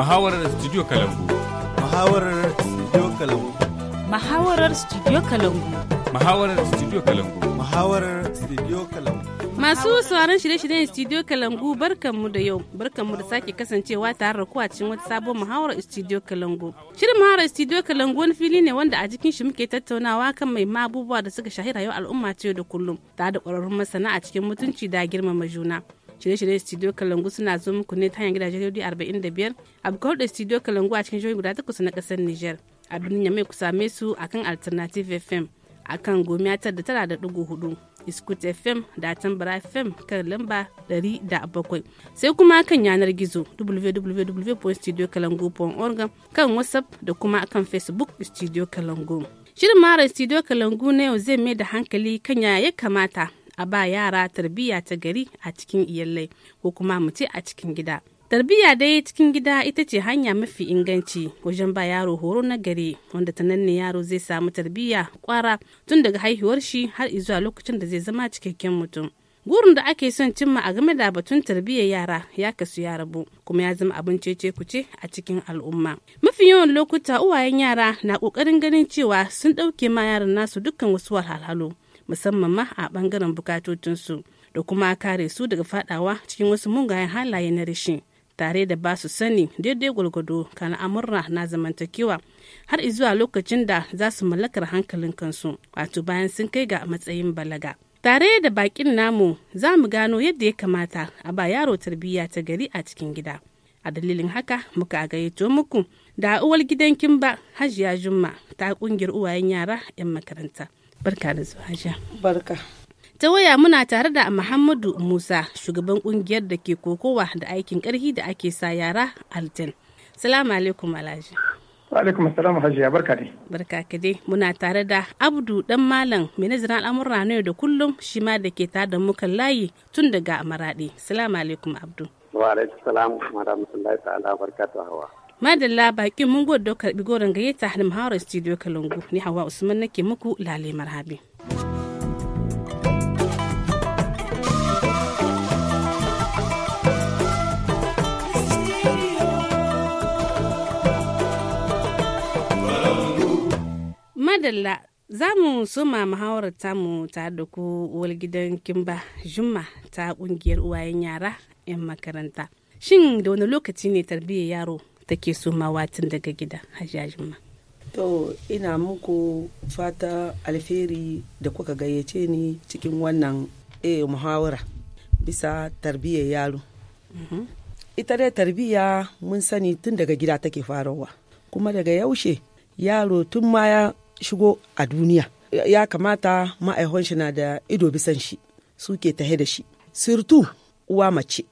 Muhawarar Studio kalangu. Muhawarar Studio kalangu. Muhawarar Studio kalangu. Muhawarar Studio kalangu. Muhawarar Studio Kalangu. Masu sauraron shirye-shiryen Studio Kalangu barkanmu da yau, barkanmu da sake kasancewa tare da kuwa cikin wata sabon muhawarar Studio Kalangu. Shirin muhawarar Studio Kalangu wani fili ne wanda a jikin shi muke tattaunawa kan mai abubuwa da suka shahira yau al'umma ce da kullum, tare da ƙwararrun masana a cikin mutunci da girmama juna. shirye shiryen studio kalangu suna zo muku ne ta hanyar gidajen rediyo 45 abu bukawar da studio kalangu a cikin jihohi guda takwas na kasar niger a birnin yamai ku same su akan alternative fm akan gomiya tar da tara da ɗigo hudu iskut fm da tambara fm kan lamba ɗari da bakwai sai kuma kan yanar gizo www.studiokalangu.org kan whatsapp da kuma kan facebook studio kalangu shirin mara studio kalangu na yau zai mai da hankali kan yaya ya kamata a ba yara tarbiyya ta gari a cikin iyalai ko kuma mu ce a cikin gida tarbiyya dai cikin gida ita ce hanya mafi inganci wajen ba yaro horo na gari wanda ta nan yaro zai samu tarbiyya kwara tun daga haihuwar shi har zuwa lokacin da zai zama cikakken mutum gurin da ake son cimma a game da batun tarbiyyar yara ya kasu ya rabu kuma ya zama abin cece kuce a cikin al'umma mafi yawan lokuta uwayen yara na kokarin ganin cewa sun ɗauke ma yaran nasu dukkan wasu wahalhalu musamman ma a bangaren bukatotinsu da kuma kare su daga fadawa cikin wasu mugayen halaye na rashin tare da ba su sani daidai gwargwado kan amurra na zamantakewa har izuwa lokacin da za su mallakar hankalin kansu wato bayan sun kai ga matsayin balaga tare da bakin namu za mu gano yadda ya kamata a ba yaro tarbiyya ta gari a cikin gida a dalilin haka muka gayyato muku da uwar gidan kimba hajiya jumma ta kungiyar uwayen yara 'yan makaranta barka da zuwa barka ta waya muna tare da muhammadu musa shugaban kungiyar da ke kokowa da aikin karhi da ake sa yara alten salamu alaikum alhaji alaikum salam hajiya barka dai barka ka dai muna tare da abdu dan malam mai nazarin yau da kullum shi ma da ke tare da mukan layi tun daga maradi salamu alaikum abdu wa alaikum salam wa rahmatullahi ta'ala hawa madalla bakin mun gode da karbi goron gayyata halim haro studio kalungu ni hawa usman nake muku lale marhabi madalla za mu soma muhawarar tamu ta da ku gidan kimba juma ta kungiyar uwayen yara 'yan makaranta shin da wani lokaci ne tarbiyyar yaro take somawa tun daga gida hajjajin ma. To ina muku fata alferi da kuka gayyace ni cikin wannan e muhawara bisa tarbiyyar yaro. Mhm. Ita dai tarbiyya mun sani tun daga gida take farawa kuma daga yaushe yaro tun ma ya shigo a duniya ya kamata ma'aihon shi na da ido bisan shi suke tahe da shi. Sirtu uwa mace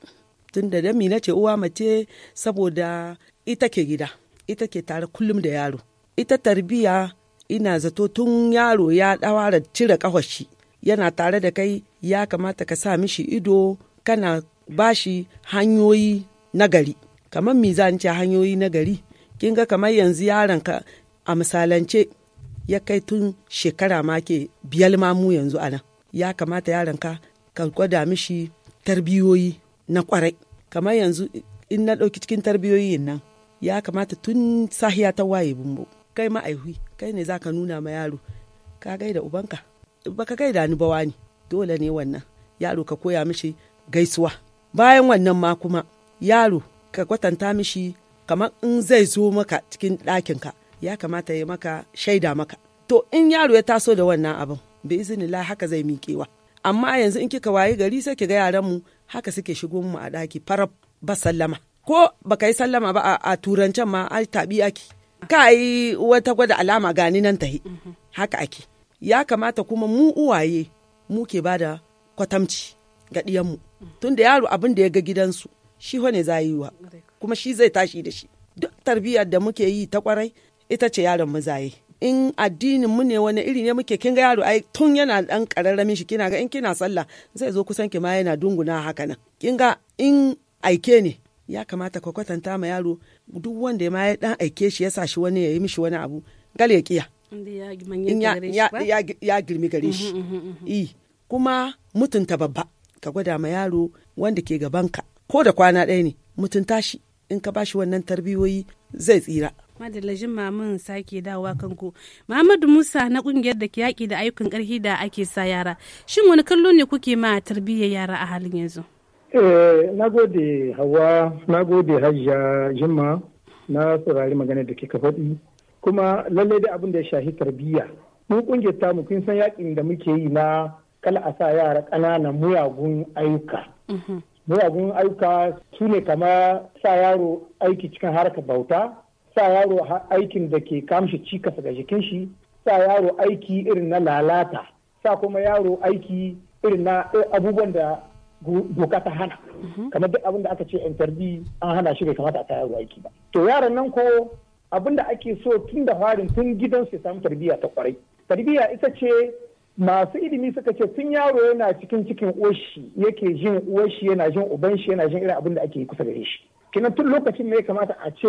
tun da dami na ce uwa mace saboda ita ke gida ita ke tare kullum da yaro ita tarbiya ina zato tun yaro ya dawara cire kawashi yana tare da kai ya kamata ka sa mishi ido kana bashi hanyoyi nagari kamar mizance hanyoyi nagari kin ga kamar yanzu yaron ka a misalance ya kai tun shekara ma ke biyar mamu yanzu anan ya kamata yaron ka ka gwada mishi tarbiyoyi na kwarai kamar yanzu in na ɗauki cikin tarbiyoyin nan ya kamata tun sahiya ta waye bumbo kai ma'aihui kai ne zaka nuna ma yaro ka gaida ubanka baka gaida ni bawa ne dole ne wannan yaro ka koya mishi gaisuwa bayan wannan ma kuma yaro ka kwatanta mishi kamar in zai zo maka cikin ɗakinka ya kamata ya maka shaida maka to in yaro ya taso da wannan abin bi izinillah haka zai miƙewa amma yanzu in kika wayi gari sai ki ga yaran mu haka suke shigo mu a ɗaki farab ba sallama ko baka yi sallama ba a turancen ma al tabi ake ka yi wata gwada alama gani nan tahi haka ake ya kamata kuma mu uwaye mu ke bada kwatamci ga ɗiyanmu tun da yaro abin da ya ga gidansu shi ne za yi wa kuma shi zai tashi da shi duk tarbiyyar da muke yi ta kwarai ita ce yaron mu zaye in addinin mu ne wani iri ne muke kin ga yaro ai tun yana dan kararramin shi kina ga in kina sallah zai zo kusan ki ma yana dunguna haka nan kin ga in aike ne ya kamata ka kwatanta ma yaro duk wanda ya ma ya dan aike shi ya sa shi wani ya yi mishi wani abu gal ya kiya ya girmi gare shi mm-hmm, mm-hmm, mm-hmm. kuma mutunta babba ka gwada ma yaro wanda ke gaban ka ko da kwana ɗaya ne mutunta shi in ka bashi wannan tarbiyoyi zai tsira madalla jima mun sake dawowa kanku muhammadu musa na kungiyar da ke yaƙi da ayyukan ƙarfi da ake sa yara shin wani kallo ne kuke ma tarbiyyar yara a halin yanzu Eh, na gode hawa, na gode hajja jimma na saurari magana da kika faɗi. Kuma lallai da abin da ya shahi tarbiyya. Mun kungiyar ta kun san yakin da muke yi na kala a sa yara ƙananan muyagun ayyuka. Mhm. Muyagun ayyuka su ne kama sa yaro aiki cikin harkar bauta, sa yaro aikin da ke kamshi cikas ga jikin shi, sa yaro aiki irin na lalata, sa kuma yaro aiki irin na eh, abubuwan da doka ta hana mhm. kamar duk abin da aka ce in interdi an hana shi bai kamata a tayar aiki ba to yaran nan ko abin da ake so tun da farin tun gidan su samu tarbiyya ta kwarai tarbiyya ita ce masu ilimi suka ce tun yaro yana cikin cikin uwashi yake jin uwashi yana jin uban shi yana jin irin abin da ake kusa da shi kinan tun lokacin ne ya kamata a ce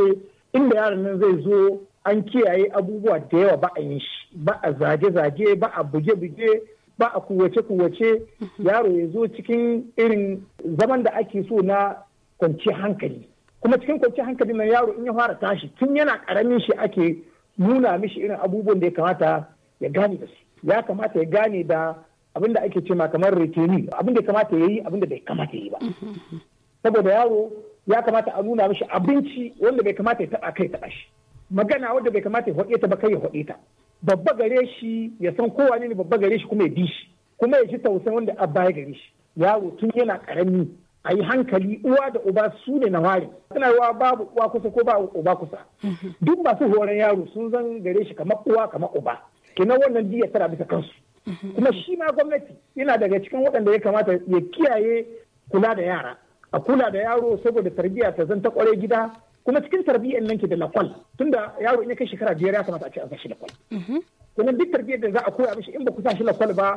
inda yaron nan zai zo an kiyaye abubuwa da yawa ba a yin shi ba a zage-zage ba a buge-buge ba a kuwace-kuwace mhm. yaro ya zo cikin irin zaman da ake so na kwanci hankali kuma cikin kwanci hankali na yaro in ya fara tashi tun yana karamin shi ake nuna mishi irin abubuwan da ya kamata ya gane da su ya kamata ya gane da abin da ake cema kamar retini abin da ya kamata ya yi abin da bai kamata ya yi ba mhm, mhm. saboda yaro ya kamata a nuna mishi abinci wanda bai kamata ya taba kai taba shi magana wanda bai kamata ya hoɗe ta ba kai ya hoɗe ta babba gare shi ya san kowa ne babba gare shi kuma ya bi shi kuma ya ji tausayin wanda a baya gare shi yaro tun yana karami a yi hankali uwa da uba su ne na ware suna yawa babu uwa kusa ko babu uba kusa mhm. duk masu horon yaro sun zan gare shi kamar uwa kamar uba kenan wannan diya tana bisa kansu mhm. kuma shi ma gwamnati yana daga cikin waɗanda ya kamata ya kiyaye kula da yara a kula da yaro saboda tarbiyya ta zan ta kware gida kuma cikin tarbiyyar nan ke da lakwal tunda yaro in ya kai shekara biyar ya kamata a ce an sashi lakwal mhm. kuma duk tarbiyyar da za a koya mishi in ba ku sa shi lakwal ba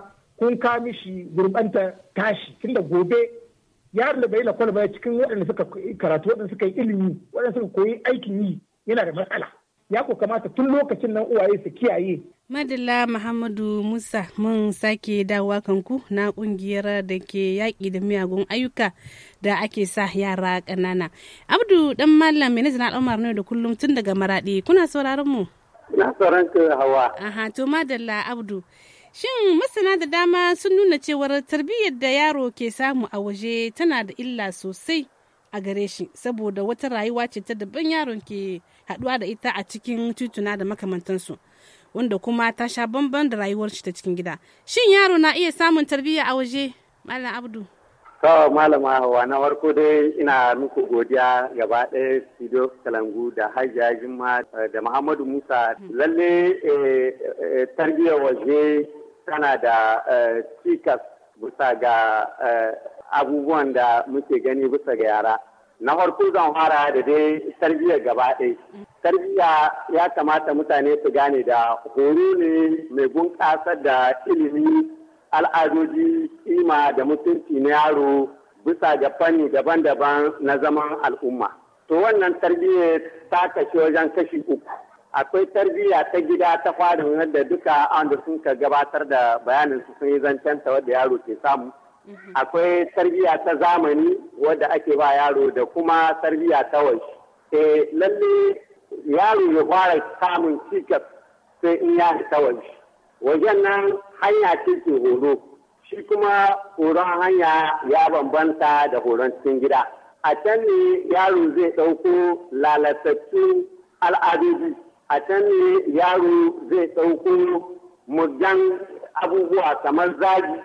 kun ka mishi gurbanta tashi tunda gobe yaron da bai lakwal ba cikin waɗanda suka karatu waɗanda suka yi ilimi waɗanda suka koyi aikin yi yana da matsala ya ko kamata tun lokacin nan uwaye su kiyaye madalla muhammadu musa mun sake dawowa kanku na kungiyar da ke yaƙi da miyagun ayyuka da ake sa yara ƙanana abdu dan mallam mai na al'umar ne da kullum tun daga maraɗi kuna sauraron mu na sauran ka hawa aha to madalla abdu shin masana da dama sun nuna cewar tarbiyyar da yaro ke samu a waje tana da illa sosai a gare shi saboda wata rayuwa ce ta daban yaron ke haɗuwa da ita a cikin tituna da makamantansu wanda kuma ta sha bamban da rayuwar shi ta cikin gida shin yaro na iya samun tarbiyya a waje malam abdu to malama hawa na farko dai ina muku godiya gaba ɗaya studio kalangu da hajiya jimma da muhammadu musa lalle eh, eh, tarbiyyar waje tana da eh, cikas bisa ga abubuwan da muke gani bisa ga yara na farko zan fara da dai tarbiyyar gaba ɗaya tarbiyya ya kamata mutane su gane da horo ne mai bunƙasar da ilimi al'adoji kima da mutunci na yaro bisa ga fanni daban-daban na zaman al'umma to wannan tarbiyya ta kashe wajen kashi uku akwai tarbiyya ta gida ta fara wadda duka an da sun ka gabatar da bayanin su sun yi zancen ta wadda yaro ke samu Mhm. akwai tarbiyya ta zamani wadda ake ba yaro da kuma tarbiyya ta waje eh lalle yaro ya fara samun cikas sai in ya ta waje wajen nan hanya ce horo shi kuma horon hanya ya bambanta da horon cikin gida a can ne yaro zai ɗauko lalatattun al'adodi a can ne yaro zai ɗauko muggan abubuwa kamar zagi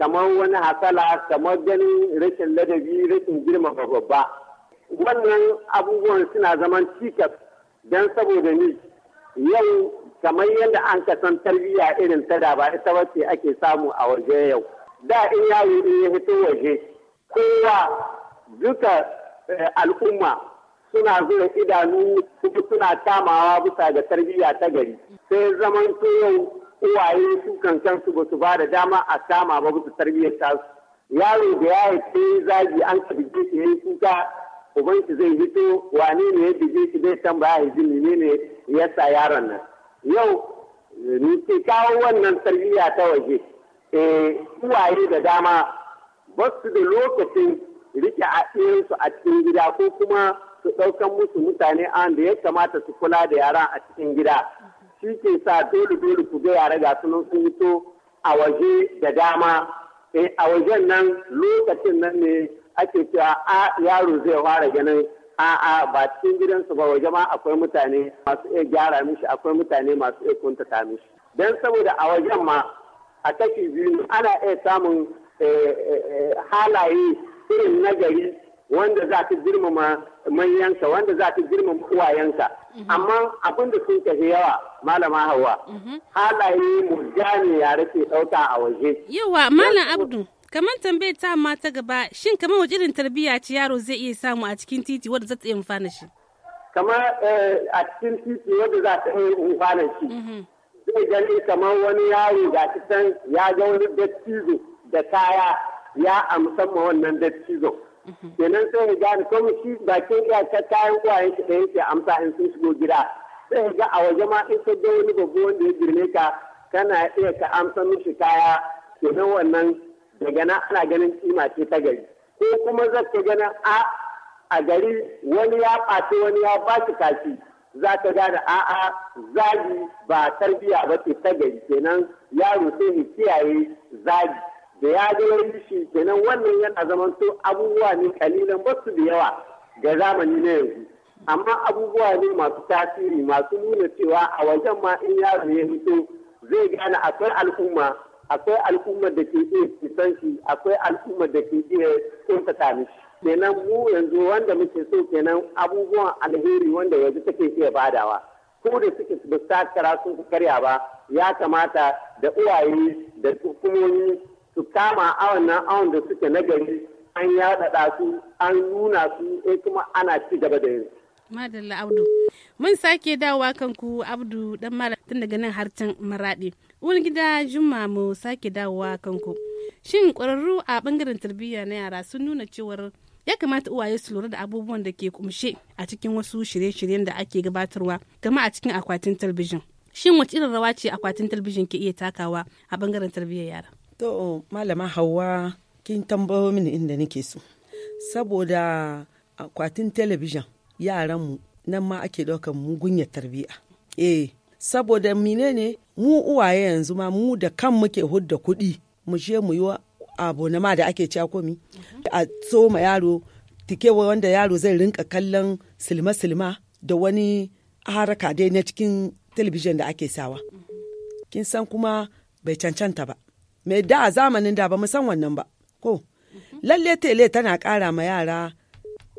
kamar wani hasala kamar ganin rashin ladabi rashin girmama babba wannan abubuwan suna zaman cikas don saboda ni yau kamar yadda an kasan tarbiyya irin ta da ba ita wacce ake samu a waje yau da in yawo in ya fito waje kowa duka eh, al'umma suna zuwa idanu suna kamawa bisa ga tarbiyya ta gari sai zaman yau uwaye su kankan su ba su ba da dama a sama ba su tarbiyyar tasu yaro da ya haife zagi an ka bige shi yayi kuka ubanki zai hito wane ne ya bige shi bai tambaya ya ji ne ya sa yaron nan yau ni ke kawo wannan tarbiyya ta waje Eh uwaye da dama ba su da lokacin rike a su a cikin gida ko kuma su ɗaukan musu mutane an da ya kamata su kula da yaran a cikin gida shi ke sa dole dole ku ga yara ga sunan sun fito a waje da dama eh, a wajen nan lokacin nan ne ake cewa a yaro zai fara ganin a'a ba cikin gidansu ba waje ma akwai mutane masu iya gyara mishi akwai mutane masu iya kuntata mishi don saboda a wajen ma a kashi biyu ana iya samun eh, eh, halaye irin nagari wanda za ka girmama manyanka wanda za ka girmama uwayenka Mm-hmm. amma abin da sun tafi yawa malama hawa mm-hmm. halaye murjani yare ke dauka a waje yawa malam abdu kamar tambayar ta ta gaba shin kamar waje irin tarbiyya ci yaro zai iya samu a cikin titi wadda za ta yi amfana shi kamar eh, a cikin titi wadda za ta iya amfana shi mm-hmm. zai gani kamar wani yaro ga shi ya ga wani dattijo da kaya ya amsan ma wannan dattijo Mhm. kenan sai ya gane kuma shi bakin ta kayan uwayen shi ɗaya ke amsa in sun shigo gida sai ya ga a waje ma in ka ga wani babu wanda ya girme ka kana iya ka amsa mishi kaya kenan wannan daga na ana ganin kima ce ta gari ko kuma ka ganin a a gari wani ya ɓaci wani ya ba shi kashi za ka gane a'a zagi ba tarbiya ba ce ta gari kenan yaro sai ya kiyaye zagi da ya ga wurin shi kenan wannan yana to abubuwa ne kalilan ba su da yawa ga zamani na yanzu amma abubuwa ne masu tasiri masu nuna cewa a wajen ma in yaro ya fito zai gane akwai al'umma akwai al'ummar da ke iya kisan shi akwai al'ummar da ke iya kuntata mishi kenan mu yanzu wanda muke so kenan abubuwan alheri wanda yanzu take iya badawa ko da suke ba su sun karya ba ya kamata da uwaye da hukumomi su kama awon nan awon da suke na nagari an yaɗaɗa su an nuna su eh kuma ana ci gaba da yin madalla abdu mun sake dawowa kanku abdu dan mara tun daga nan har can maradi wani gida juma mu sake dawowa kanku shin ƙwararru a bangaren tarbiyya na yara sun nuna cewar ya kamata uwaye su lura da abubuwan da ke kumshe a cikin wasu shirye-shiryen da ake gabatarwa kama a cikin akwatin talbijin shin wacce irin rawa ce akwatin talbijin ke iya takawa a bangaren tarbiyyar yara To malama hawa kin tambayo mini inda nake so. Saboda akwatin talabijin yaranmu nan ma ake ɗaukan mugunya tarbiya. Eh, saboda mine ne mu uwaye yanzu ma mu da kan muke hudda kuɗi mu je mu yi abu na ma da ake cewa komi. A tsoma yaro tike wanda yaro zai rinka kallon silma-silma da wani haraka dai na cikin talabijin da ake sawa. Kin san kuma bai cancanta ba. Me da a zamanin da ba mu san wannan ba ko lalle tele tana ƙara ma yara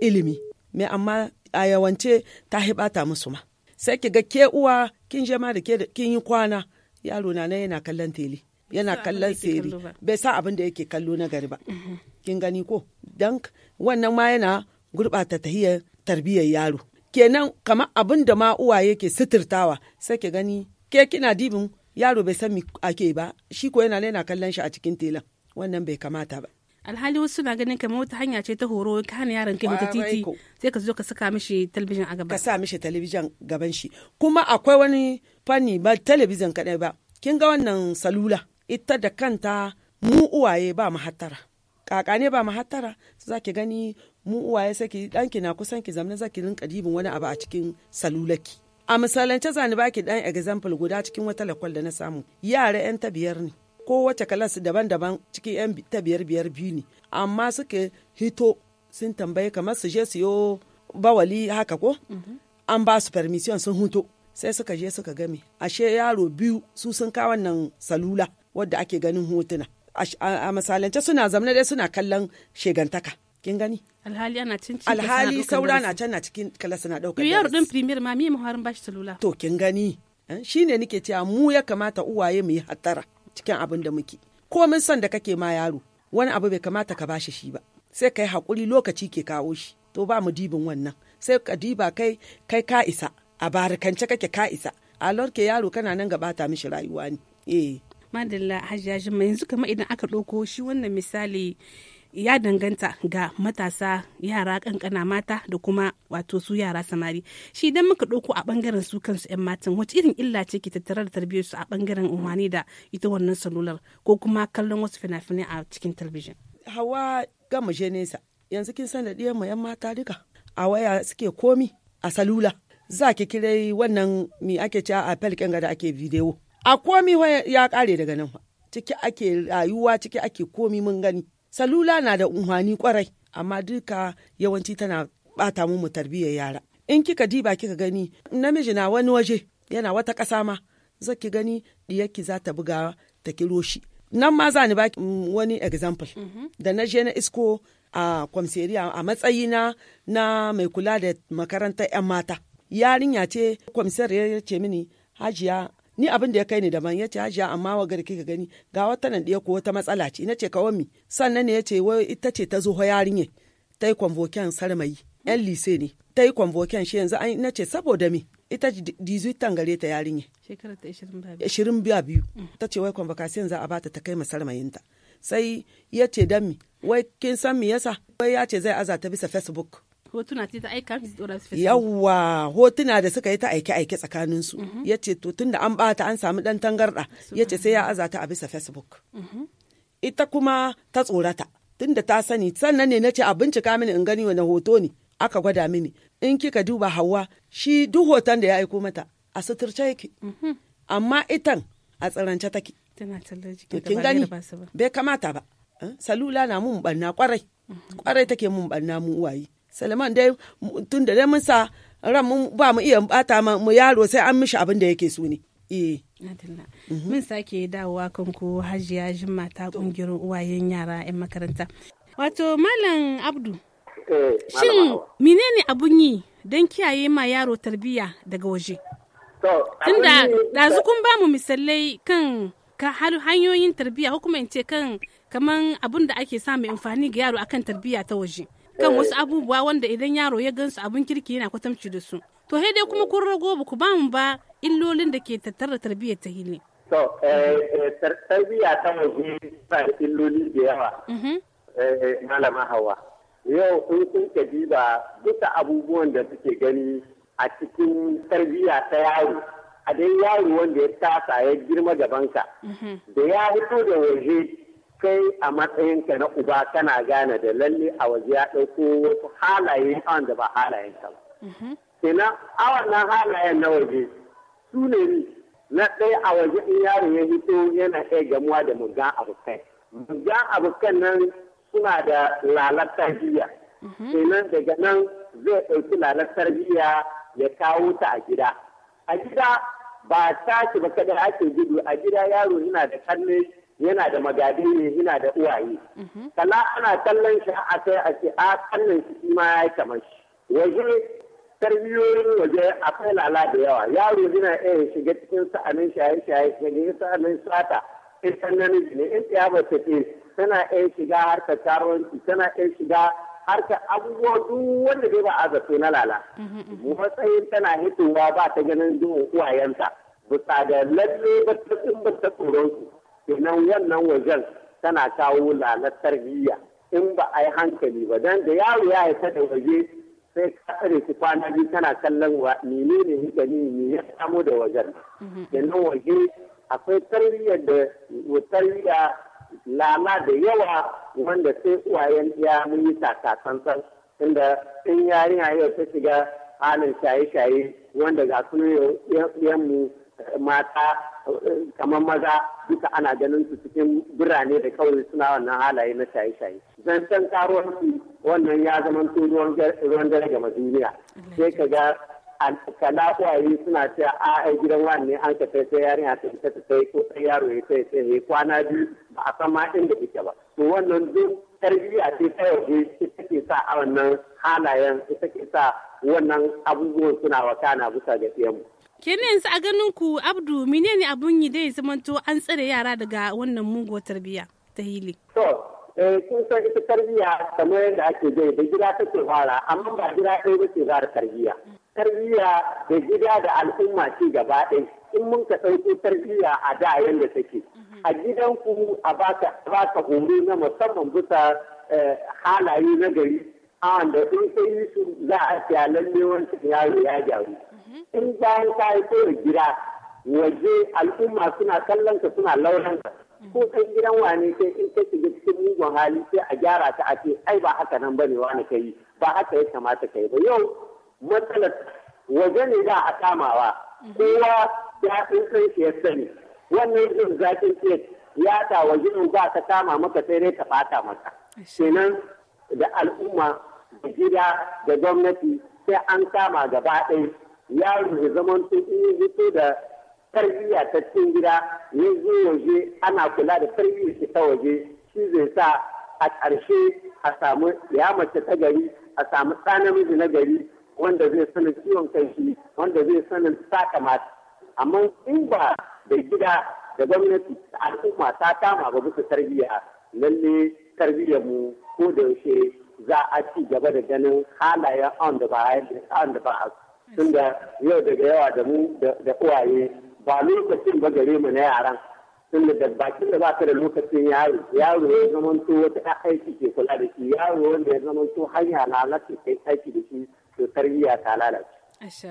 ilimi mai amma a yawance ta hibata musu ma sai ki ga ke uwa kin je ma da ke kin yi kwana yaro na yana kallon tele yana kallon seri bai sa abin da yake kallo na gari ba mm-hmm. kin gani ko dan wannan ma yana gurbata tahiyar tarbiyyar yaro kenan kamar abin da ma uwaye ke suturtawa sai ki gani ke kina dibin yaro bai san ake ba shi ko yana nena kallon shi a cikin telan wannan bai kamata ba alhali wasu suna ganin kamar wata hanya ce ta horo ka hana yaron kai titi sai ka zo ka saka mishi talabijin a gaban ka sa mishi talabijin gaban shi kuma akwai wani fanni ba talabijin kadai ba kin ga wannan salula ita da kanta mu uwaye ba mu hatara kaka ne ba mu hattara za ki gani mu uwaye sai ki danki na kusan ki zamna zaki ki rinka dibin wani abu a cikin salulaki a misalance zani baki dan example guda cikin wata lakwal da na samu yara yan ta biyar ne wace kalas daban-daban cikin yan ta biyar biyar biyu ne amma suke hito sun tambaye kamar su je siyo bawali haka ko mhm. an ba su permission sun hito sai suka je suka game ashe yaro biyu su sun kawo wannan salula wadda ake ganin hotuna a misalance suna zamna dai suna kallon shegantaka kin gani alhali ana cin cikin alhali saura na can na cikin kalasa na daukar yaro din premier ma me muharin bashi salula to kin gani eh, shine nake cewa mu ya kamata uwaye mu yi hattara cikin abin da muke ko mun san da kake ma yaro wani abu bai kamata ka bashi shi ba sai kai hakuri lokaci ke kawo shi to ba mu dibin wannan sai ka diba kai kai ka isa a barkance kake ka isa a lorke yaro kana nan gabata mishi rayuwa ne eh madalla hajjajin mai yanzu kamar idan aka ɗauko shi wannan misali ya danganta ga matasa yara kankana mata da kuma wato su yara samari shi idan muka ɗauko a bangaren su kansu 'yan matan wacce irin illa ce ke tattare da tarbiyyar su a bangaren umarni da ita wannan salular ko kuma kallon wasu fina-finai a cikin talabijin hawa gama je nesa yanzu kin san da ɗiyan mu 'yan mata duka a waya suke komi a salula za ki kira wannan mi ake ci a felkin da ake bidiyo a komi ya kare daga nan ciki ake rayuwa ciki ake komi mun gani salula na da unhwani kwarai amma duka yawanci tana bata mu tarbiyyar yara in kika diba kika gani namiji na wani waje yana wata ƙasa ma zaki gani diyarki za ta buga ta kiro shi nan ma za ni ba wani example mhm. da na je na isko a kwamseriya a matsayi na na mai kula da makarantar 'yan mata yarinya ce kwamsar ya ce mini hajiya ni abin da ya kai ni daban ya ce hajiya amma wa garki ka gani ga wata nan ɗaya ko wata matsala ce na ce kawai mi sannan ne ya ce wai ita ce ta zo yarinya ta yi convocation sarmayi yan lise ne ta yi convocation shi yanzu na ce saboda mi ita dizuitan gare ta yarinya shekara ta ishirin biya biyu mm. ta ce wai convocation za a bata ta kai ma ta sai ya ce dan mi wai kin san mi yasa wai ya ce zai aza ta bisa facebook hotuna ce ta aika miki dora su yawa hotuna da suka yi ta aike aike tsakanin su mhm. yace to tunda an bata an samu dan tangarda yace sai ya azata a bisa facebook mhm. ita kuma ta tsorata tunda ta sani sannan ne nace a bincika mini in gani wani hoto ne aka gwada mini in kika duba Hauwa. shi duk hoton da ya aiko mata a suturce yake mhm. amma itan a tsirance take kin gani bai kamata ba eh, salula na mun banna kwarai kwarai take mun banna mu uwaye salman dai tun da dai mun sa ran mun ba mu iya bata mu yaro sai an mishi abin da yake so ne eh. min mhm. mun sake dawowa kan ku hajiya jimma ta kungiyar uwayen yara yan makaranta wato malam abdu eh, shin menene abun yi don kiyaye ma yaro tarbiyya daga waje tunda ɗazu kun ba mu misalai kan ka hanyoyin tarbiyya hukumance kuma in ce kan kaman abun da ake samun amfani ga yaro akan tarbiyya ta waje kan eh. wasu abubuwa wanda idan yaro ya gansu abun kirki yana kwatamci da su to sai dai kuma kun rago ba ku ba mu ba illolin da ke tattara da tarbiyyar ta hili to eh, eh, tarbiyya ta waje ba da illoli da yawa mhm. malama hawa yau in kun ka diba duka abubuwan da suke gani a cikin tarbiyya ta yaro a dai yaro wanda ya tasa ya girma gabanka mhm. da ya fito da waje kai a matsayin ka na uba kana gane da lalle a waje ya ɗauko wasu halaye da ba halayen ka ba. Kenan mhm. a wannan halayen na waje su ne ni na ɗaya a waje in yaro ya hito yana iya gamuwa da mugan abokai. Mugan abokan nan suna da lalatar biya, mhm. ina daga nan zai ɗauki lalatar biya ya kawo ta a gida. A gida ba tashi ba kada ake gudu a gida yaro yana da kalle yana da magadi ne yana da uwaye tala mhm. ana kallon shi a sai a ce a kallon shi ma ya yi kamar shi waje tarbiyoyin waje akwai lala da yawa yaro yana iya shiga cikin sa'anin shaye shaye yin sa'anin sata in san namiji ne in tsaya ba ta ke tana iya shiga harkar karuwanci tana iya shiga harkar abubuwa duk wanda bai ba a zato na lala mhm, mhm. matsayin tana hitowa ba ta ganin duhun uwayenta bisa da lalle ba ta tsoron su kenan wannan wajen tana kawo lalar tarbiyya in ba a yi hankali ba don da yaro ya haifa da waje sai ka tsare kwana biyu tana kallon wa mene ne hika ni ne ya samu da wajen mhm. kenan waje akwai tarbiyya da tarbiyya lala da yawa wanda sai uwayen ya mun yi inda in yarinya yau ta shiga halin shaye-shaye wanda ga sunan yanmu mata kamar maza duka ana ganin su cikin birane da kawai suna wannan halaye na shaye-shaye zancen su wannan ya zama ruwan dare ga duniya sai ka ga kalafaye suna cewa a ai gidan wani ne an ka sai yarin yarinya tafi ta sai ko sai yaro ya sai sai ya kwana biyu ba a san ma inda take ba to wannan duk tarbiyya ce ta waje ita ke sa a wannan halayen ita ke sa wannan abubuwan suna wakana bisa ga mu kenan yanzu a ganin ku abdu menene abun yi dai zamanto an tsare yara daga wannan muguwar tarbiyya ta hili to sun eh, san ita tarbiyya kamar yadda ake gai da gida take fara amma ba gida ɗaya ba ce fara tarbiyya tarbiyya da gida da al'umma ce gaba ɗaya in mun ka ɗauki tarbiyya a da yadda take a gidan gidanku a baka ka horo na musamman bisa eh, halaye na gari a wanda in ka yi su za a siya lalle wancan yaro ya gyaru in bayan ka yi koyar gida waje al'umma suna kallon ka suna lauran ka ko kan gidan wane sai in ka shiga cikin mugun hali sai a gyara ta a ce ai ba haka nan bane wani kai ba haka ya kamata kai ba yau matsalar waje ne za a kamawa kowa ya san shi ya sani wannan irin zakin ce ya ta waje ba ka kama maka sai dai ka fata maka kenan da al'umma da gida da gwamnati sai an kama gaba ɗaya yaro ya zama in da tarbiyya ta cikin gida ya zo waje ana kula da tarbiyyar shi ta waje shi zai sa a ƙarshe a samu ya mace ta gari a samu ɗa namiji na gari wanda zai sanin ciwon kan shi wanda zai sanin saka mata amma in ba da gida da gwamnati da al'umma ta kama ba bisa tarbiyya lalle tarbiyyar mu ko da yaushe za a ci gaba da ganin halayen an da ba a tunda yau daga yawa da mu da uwaye ba lokacin ba gare mu na yaran tunda da bakin da baka da lokacin yaro yaro ya zamanto wata aiki ke kula da shi yaro wanda ya zamanto hanya lati kai aiki da shi to tarbiyya ta lalace.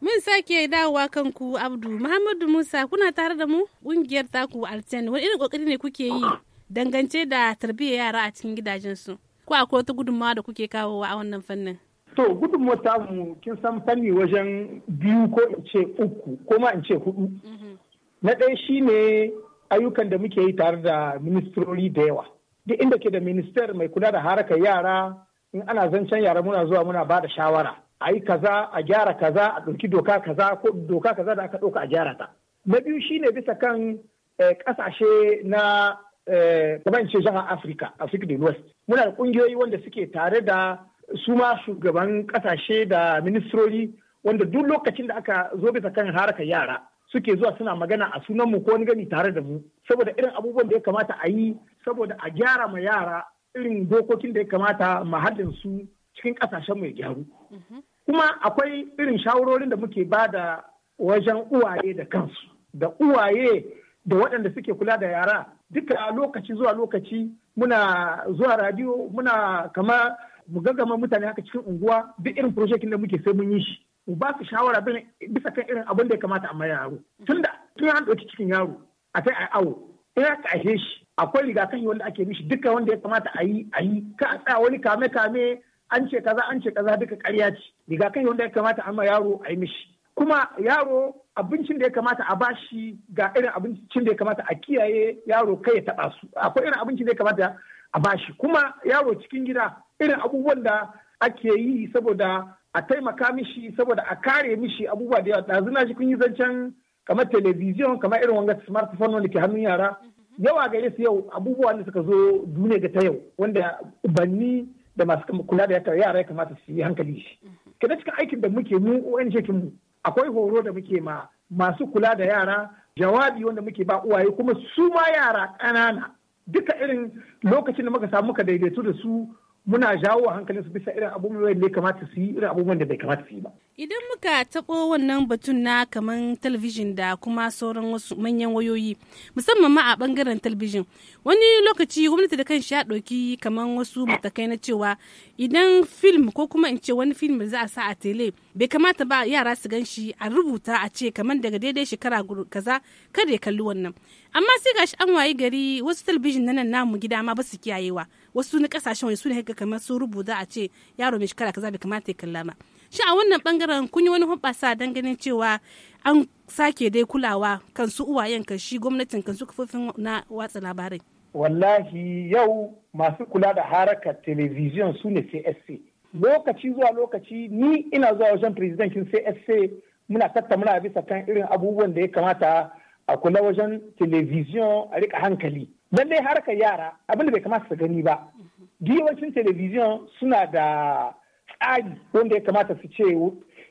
Mun sake dawowa kanku Abdu Muhammadu Musa kuna tare da mu kungiyar taku Alten wani irin kokari ne kuke yi dangance da tarbiyyar yara a cikin gidajensu ko akwai wata gudunmawa da kuke kawowa a wannan fannin? To gudunmuwar mu kin san fanni wajen biyu ko in ce uku ko ma in ce hudu. Mm-hmm. Na ɗaya shine ayyukan da muke yi tare da ministrori da yawa. Duk inda ke da minister mai kula da harakar yara in ana zancen yara muna zuwa muna ba da shawara. A yi kaza a gyara kaza a ɗauki doka kaza ko doka kaza da aka ɗauka a gyara ta. Na biyu ne bisa kan eh, ƙasashe na eh, kamar ce jihar Afirka, Afirka da West. Muna da ƙungiyoyi wanda suke tare da su ma shugaban kasashe da ministrori wanda duk lokacin da aka zo bisa kan haraka yara suke zuwa suna magana a sunan mu ko wani gani tare da mu saboda irin abubuwan da ya kamata a yi saboda a gyara ma yara irin dokokin da ya kamata mahallin su cikin kasashen mai gyaru mhm. kuma akwai irin shawarorin da muke ba da wajen uwaye da kansu da uwaye da waɗanda suke kula da yara duka lokaci zuwa lokaci muna zuwa radio muna kamar mu gaggama mutane haka cikin unguwa duk irin projekin da muke sai mun yi shi mu ba su shawara bisa kan irin abin da ya kamata a mai yaro tunda tun an ɗauki cikin yaro a kai a awo in aka ahe shi akwai rigakafi wanda ake mishi duka wanda ya kamata a yi a yi ka a tsaya wani kame kame an ce kaza an ce kaza duka ƙarya ce rigakafi wanda ya kamata a mai yaro a yi mishi kuma yaro abincin da ya kamata a bashi ga irin abincin da ya kamata a kiyaye yaro kai ya taɓa su akwai irin abincin da ya kamata a bashi kuma yaro cikin gida irin abubuwan da ake yi saboda a taimaka mishi saboda a kare mishi abubuwa da yawa ɗazu na shi kun yi zancen kamar telebijiyon kamar irin wanga smartphone wanda ke hannun yara yawa ga su yau abubuwa da suka zo duniya ga ta yau wanda banni da masu kula da yara ya kamata su yi hankali shi kada cikin aikin da muke mu uwan shekin mu akwai horo da muke ma masu kula da yara jawabi wanda muke ba uwaye kuma su ma yara ƙanana duka irin lokacin da muka samu muka daidaitu da su muna jawo hankalin su bisa irin abubuwan da ya kamata su yi irin abubuwan da bai kamata su yi ba. Idan muka taɓo wannan batun na kaman talabijin da kuma sauran wasu manyan wayoyi musamman ma a ɓangaren talabijin wani lokaci gwamnati da kan ya ɗauki kaman wasu matakai na cewa idan film ko kuma in ce wani film za a sa a tele bai kamata ba yara su gan shi a rubuta a ce kaman daga daidai shekara kaza kada ya kalli wannan amma sai gashi an wayi gari wasu talabijin na nan namu gida ma ba su kiyayewa. wasu na kasashen wani su ne kamar sun rubuta a ce yaro mai shekara kaza bai kamata ya kalla ba shi a wannan bangaren kun yi wani hoɓɓasa don ganin cewa an sake dai kulawa kan su uwayen kan shi gwamnatin kan su kafofin na watsa labarai wallahi yau masu kula da harakar telebijin su ne csc lokaci zuwa lokaci ni ina zuwa wajen presidentin csc muna tattauna bisa kan irin abubuwan da ya kamata a kula wajen telebijin a rika hankali lallai harka yara abinda bai kamata su gani ba yawancin telebijin suna da tsari wanda ya kamata su ce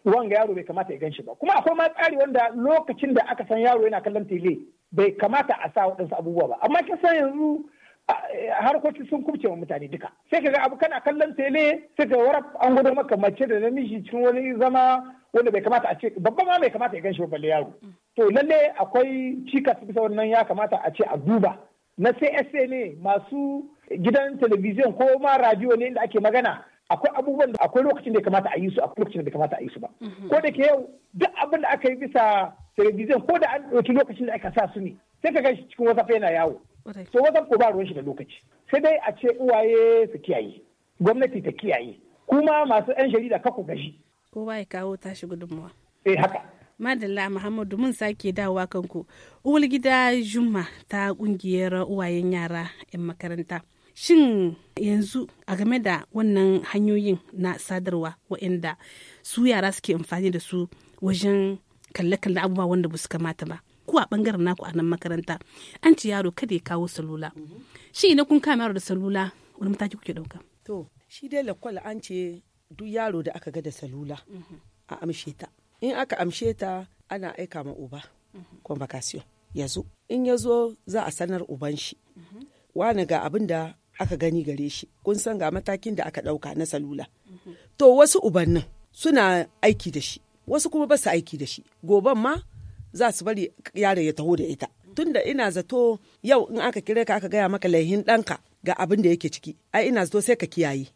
wanga yaro bai kamata ya gan shi ba kuma akwai ma tsari wanda lokacin da aka san yaro yana kallon tele bai kamata a sa waɗansu abubuwa ba amma kin san yanzu eh, harkoki sun kubce wa mutane duka sai ka ga abu kana kallon tele sai ka warab an gudu maka mace da namiji cikin wani zama wanda bai kamata a ce babba ma bai kamata ya gan shi ba balle yaro to lalle akwai cikas bisa wannan ya kamata a ce a duba na CSA ne masu gidan talabijin ko ma radio ne da ake magana akwai abubuwan da akwai lokacin da ya kamata a yi su akwai lokacin da ya kamata a yi su ba mhm. ko da ke yau duk abin da aka yi bisa talabijin ko da an ɗauki lokacin da aka sa su ne sai ka gashi cikin wasa yana yawo so wasa ko ba ruwan shi da lokaci sai dai a ce uwaye su kiyaye gwamnati ta kiyaye kuma masu 'yan jarida kako gashi kowa ya kawo tashi gudunmawa eh haka madalla muhammadu mun sake dawowa kanku uwar gida juma ta kungiyar uwayen yara 'yan makaranta shin yanzu a game da wannan hanyoyin na sadarwa waɗanda su yara suke amfani da su wajen kalle-kalle abubuwa wanda ba su kamata ba ku a bangaren naku a nan makaranta an ci yaro kada ya kawo salula shi ina kun kama yaro da salula wani mataki kuke ɗauka to shi dai lakwal an ce duk yaro da aka ga da salula a amshe ta in aka amshe ta ana aika ma uba mhm. convocation ya zo in ya zo za a sanar uban shi mhm. wani ga abin da aka gani gare shi kun san ga matakin da aka ɗauka na salula mhm. to wasu ubannin suna aiki da shi wasu kuma ba su aiki da shi goban ma za su bari yaro ya taho da ita tunda ina zato yau in aka kira ka aka gaya maka laihin ɗanka ga abin da yake ciki ai ina zato sai ka kiyaye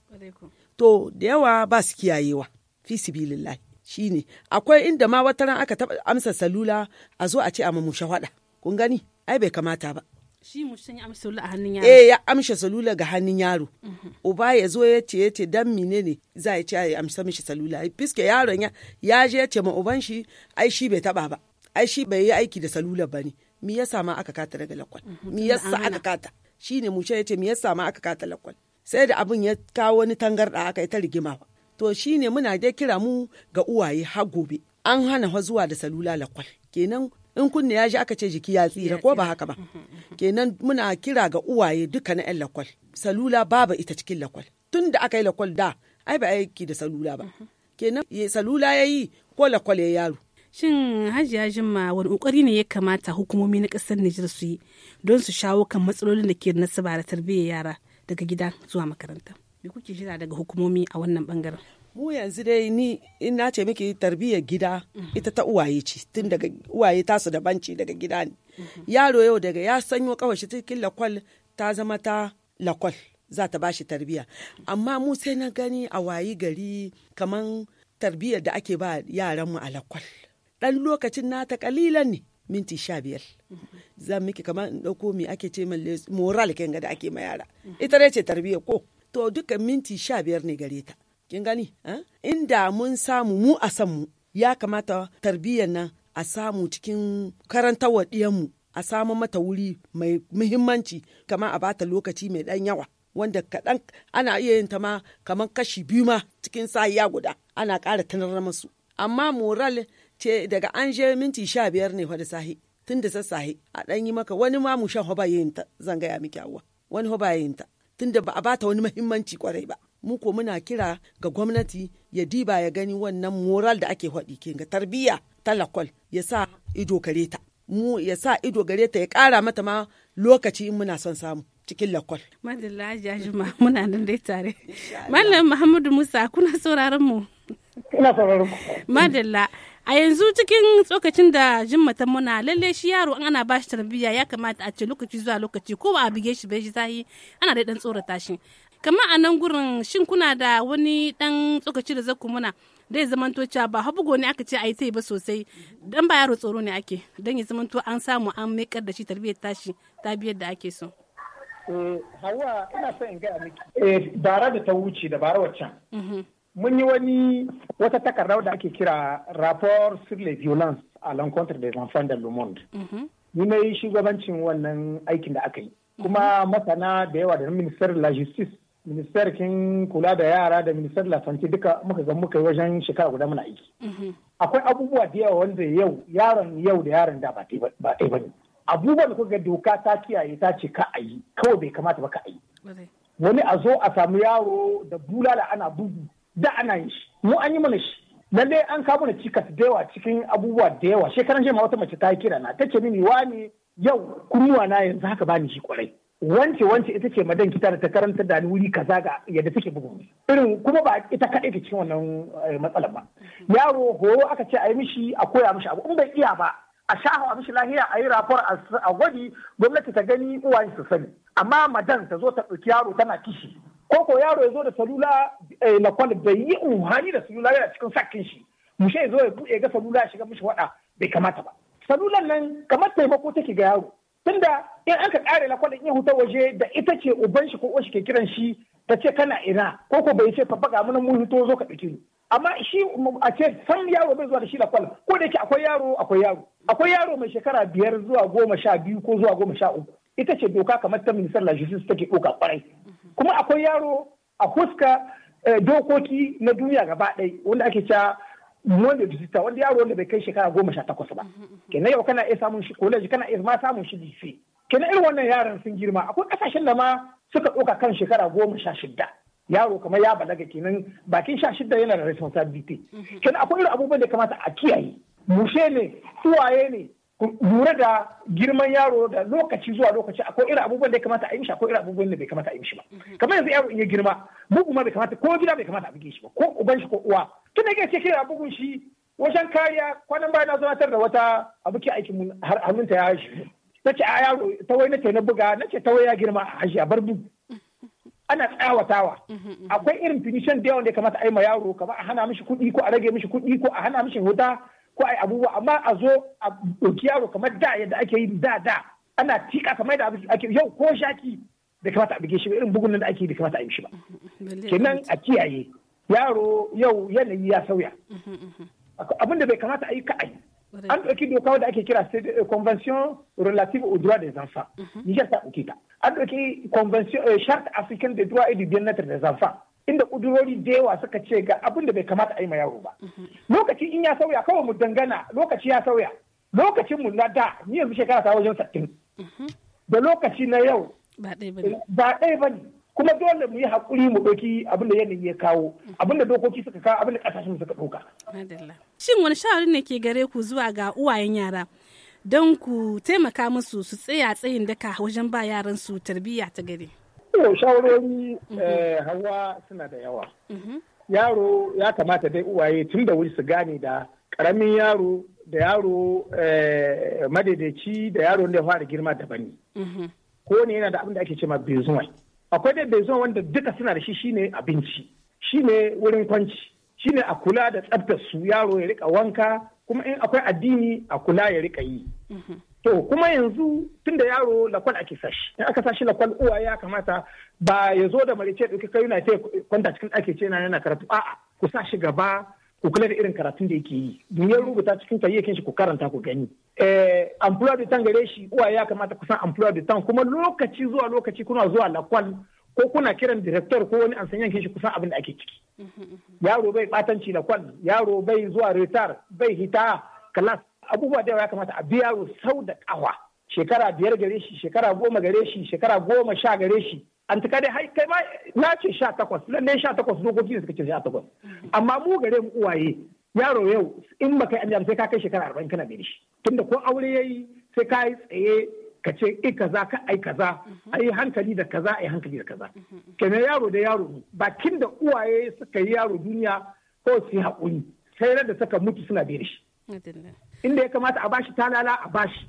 to da yawa ba su kiyayewa fi sibilillahi shine akwai inda ma wata ran aka taɓa amsa salula a zo a ce a mamushe waɗa kun gani ai bai kamata ba shi mutum ya amsa salula a hannun yaro eh ya amsa salula ga hannun yaro mm-hmm. uba ya zo ya ce ya ce dan mine ne za ya ce ya amsa mishi salula fiske yaron ya ya je ya ce ma uban shi ai shi bai taba ba ai shi bai yi aiki da salula ba ne mi yasa ma aka kata daga lakwal mi mm-hmm, yasa aka kata shine mushe ya ce mi yasa ma aka kata lakwal sai da abin ya kawo wani tangarda aka ita ta rigima to shi ne muna dai kira mu ga uwaye har gobe an hana zuwa da salula lakwal kenan in kunne ya ji aka ce jiki ya tsira ko ba haka ba kenan muna kira ga uwaye duka na 'yan lakwal salula babu ita cikin lakwal tun da aka yi lakwal da ai ba aiki da salula ba kenan salula ya yi ko lakwal ya yaro shin hajiya jima wani kokari ne ya kamata hukumomi na ƙasar Nijar su yi don su shawo kan matsalolin da ke nasaba da tarbiyyar yara daga gida zuwa makaranta me kuke jira daga hukumomi a wannan bangaren mu yanzu dai ni in na ce miki tarbiyyar gida mhm. ita ta uwaye ce tun daga uwaye tasu da banci daga gida ne yaro yau daga ya sanyo kawashi cikin lakwal ta zama ta lakwal za ta bashi tarbiyya amma mu sai na gani a wayi gari kaman tarbiyyar da ake ba yaranmu a lakwal dan lokacin na ta kalilan ne minti sha biyar mhm. za miki kamar in ɗauko me ake ce min moral kenga da ake ma yara ita dai ce tarbiyyar ko to duka minti sha biyar ne gare ta kin gani inda mun samu mu a mu ya kamata tarbiyyar nan a samu cikin karantawar ɗiyanmu a samu mata wuri mai muhimmanci kamar a bata lokaci mai ɗan yawa wanda kaɗan ana iya yin ta ma kamar kashi biyu ma cikin sahiya guda ana ƙara tunar masu amma moral ce daga an je minti sha biyar ne wani sahi tun da sassahe a ɗan yi maka wani ma mu shan hoba yin ta zan gaya miki wani hoba yin ta tunda ba a bata wani mahimmanci kwarai ba mu ko muna kira ga gwamnati ya diba ya gani wannan moral da ake faɗi ke ga tarbiyya ta lakol ya sa ido gare ta mu ya sa ido gare ta ya ƙara mata ma lokaci in muna son samu cikin lakol. Madalla jajima muna nan dai tare. Mallam Muhammadu Musa kuna sauraron mu? Ina sauraron mu. Madalla a yanzu cikin tsokacin da jimmata muna lalle shi yaro an ana bashi tarbiyya ya kamata a ce lokaci zuwa lokaci ko ba a bige shi bai shi zahi ana da dan tsorata shi kamar a nan gurin shin kuna da wani dan tsokaci da zaku muna dai zamanto cewa ba habugo ne aka ce a yi ta ba sosai dan ba yaro tsoro ne ake dan ya zamanto an samu an maikar da shi tarbiyyar tashi ta biyar da ake so eh, hawa ina son in gaya miki eh, bara da ta wuce da bara waccan mhm. mun yi wani wata takarda da ake kira rapport sur les violences à l'encontre des enfants dans le monde mhm. ni mai shugabancin wannan aikin da aka yi kuma mhm. masana da yawa da minister la justice minister kin kula da yara da minister la santé duka muka ga muka yi wajen shekara guda muna aiki mhm. akwai abubuwa da yawa wanda yau yaron yau da yaron da ba yi ba ne abubuwan da kuka doka ta kiyaye ta ce ka ayi kawai bai kamata ba ka ayi wani a zo a samu yaro da bulala ana bugu da ana shi mu an yi mana shi lalle an kawo mana cikas da yawa cikin abubuwa da yawa shekaran jema wata mace ta yi kira na tace mini wani yau kunnuwa na yanzu haka bani shi kwarai wance wance ita ce madan kita da ta karanta da wuri kaza ga yadda take bugu irin kuma ba ita kaɗai ta cikin wannan eh, matsalar ba yaro horo aka ce a yi mishi a koya mishi abu in bai iya ba a sha a mishi lahiya a yi rafar a gwadi gwamnati ta gani uwa su sani amma madan ta zo ta ɗauki yaro tana kishi Koko yaro ya zo da salula eh, lakwal da yi unhani da salula yana cikin sakin shi mushe zo ya buɗe ga salula ya shiga mishi waɗa bai kamata ba salulan nan kamar taimako take ga yaro tunda in aka ka kare lakwal in iya huta waje da ita ce uban shi ko uwar shi ke kiran shi ta ce kana ina koko bai ce fa baga mun mun hito zo ka dake ni amma shi a ce san yaro bai zuwa da shi da kwal ko da yake akwai yaro akwai yaro akwai yaro mai shekara biyar zuwa goma sha biyu ko zuwa goma sha uku ita ce doka kamar ta ministan lajistis take ɗauka kwarai kuma akwai yaro a huska eh, dokoki na duniya gaba ɗaya wanda ake cewa wanda visita wanda yaro wanda bai kai shekara goma sha takwas ba kenan yau kana iya samun shi college kana iya ma samun shi dife kenan irin wannan yaran sun girma akwai kasashen da ma suka ɗauka kan shekara goma sha shida yaro kamar ya balaga kenan bakin sha shida yana da responsibility mhm. kenan akwai irin abubuwan da kamata a kiyaye mushe ne suwaye ne lura da girman yaro da lokaci zuwa lokaci akwai irin abubuwan da ya kamata a yi mishi akwai irin abubuwan da bai kamata a yi mishi ba mhm. kamar yanzu yaro in ya girma bugu ma bai kamata ko gida bai kamata a buge shi ba ko uban shi ko uwa tun da yake kira a bugun shi wajen kariya kwanan bayan na zanatar da wata abokin aikin har hannunta ya shi ta ce a yaro ta wai ce na buga ce ta wai ya girma a a bar bugu ana tsawatawa mhm, mhm. akwai irin finishin da yawan da kamata a yi ma yaro kamar a hana mishi kuɗi ko a rage mishi kuɗi ko a hana mishi huta ko a yi abubuwa amma a zo a ɗauki yaro kamar da yadda ake yi da da ana tika kamar da ake yau ko shaki da kamata a bige shi irin bugun da ake da kamata a yi shi ba mhm, kenan a kiyaye yaro yau yanayi ya sauya abin da bai kamata a yi ka a an ɗauki doka da ake kira eh, convention relative au droit des enfants Niger ta ɗauki ta an ɗauki convention chart eh, african de droit et du bien-être des enfants inda kudurori da yawa suka ce ga abin da bai kamata a yi ma yaro ba mm-hmm. lokaci in ya sauya kawai mu dangana lokaci ya sauya lokacin mu na da ni yanzu shekara ta wajen sattin mm-hmm. da lokaci na yau ba ɗaya ba ne eh, kuma dole mu yi hakuri mu ɗauki abin da yanayi ya kawo mm-hmm. abin da dokoki suka kawo abin da ƙasashen suka ɗauka. Shin wani shawari ne ke gare ku zuwa ga uwayen yara don ku taimaka musu su tsaya tsayin daka wajen ba yaran su tarbiyya ta gari? Yau shawarori mhm. eh, hawa suna da yawa. Mhm. Yaro ya kamata dai uwaye tun da wuri su gane da karamin yaro da yaro eh, madaidaici da yaro da ya fara girma daban ne. Mhm. Ko ne yana da abin da ake cewa bezuwa. Akwai dai bezuwa wanda duka suna da shi shine abinci, shine wurin kwanci, shine a kula da tsaftar su yaro ya rika wanka kuma in akwai addini a kula ya rika yi mhm. to kuma yanzu tun da yaro lakwal ake sashi in aka sashi lakwal uwa ya kamata ba ya zo da marice ɗauki kai yana ta kwanta cikin ake ce yana karatu a ku sa shi gaba ku kula da irin karatun da yake yi ya rubuta cikin kayyakin shi ku karanta ku gani eh, amplua da tan gare shi uwa ya kamata ku san amplua da tan kuma lokaci zuwa lokaci kuna zuwa lakwal ko kuna kiran director ko wani ansanyan shi kusan abin da ake ciki yaro bai batanci da kwan. yaro bai zuwa retar bai hita kalas abubuwa da ya kamata a biya yaro sau da kawa shekara biyar gare shi shekara goma gare shi shekara goma sha gare shi an tuka dai kai ma na ce sha takwas lallai sha takwas dokoki da suka ce sha takwas amma mu gare mu uwaye yaro yau in baka yi anjam sai ka kai shekara arba'in kana gare shi tunda ko aure ya yi sai ka yi tsaye ka ce i eh, kaza ka ai kaza mhm. ai hankali da kaza ai hankali da kaza mhm, mhm. kenan yaro da yaro ne bakin da uwaye suka yi yaro duniya ko su yi haƙuri sai da suka mutu suna bere shi inda ya kamata a bashi talala a bashi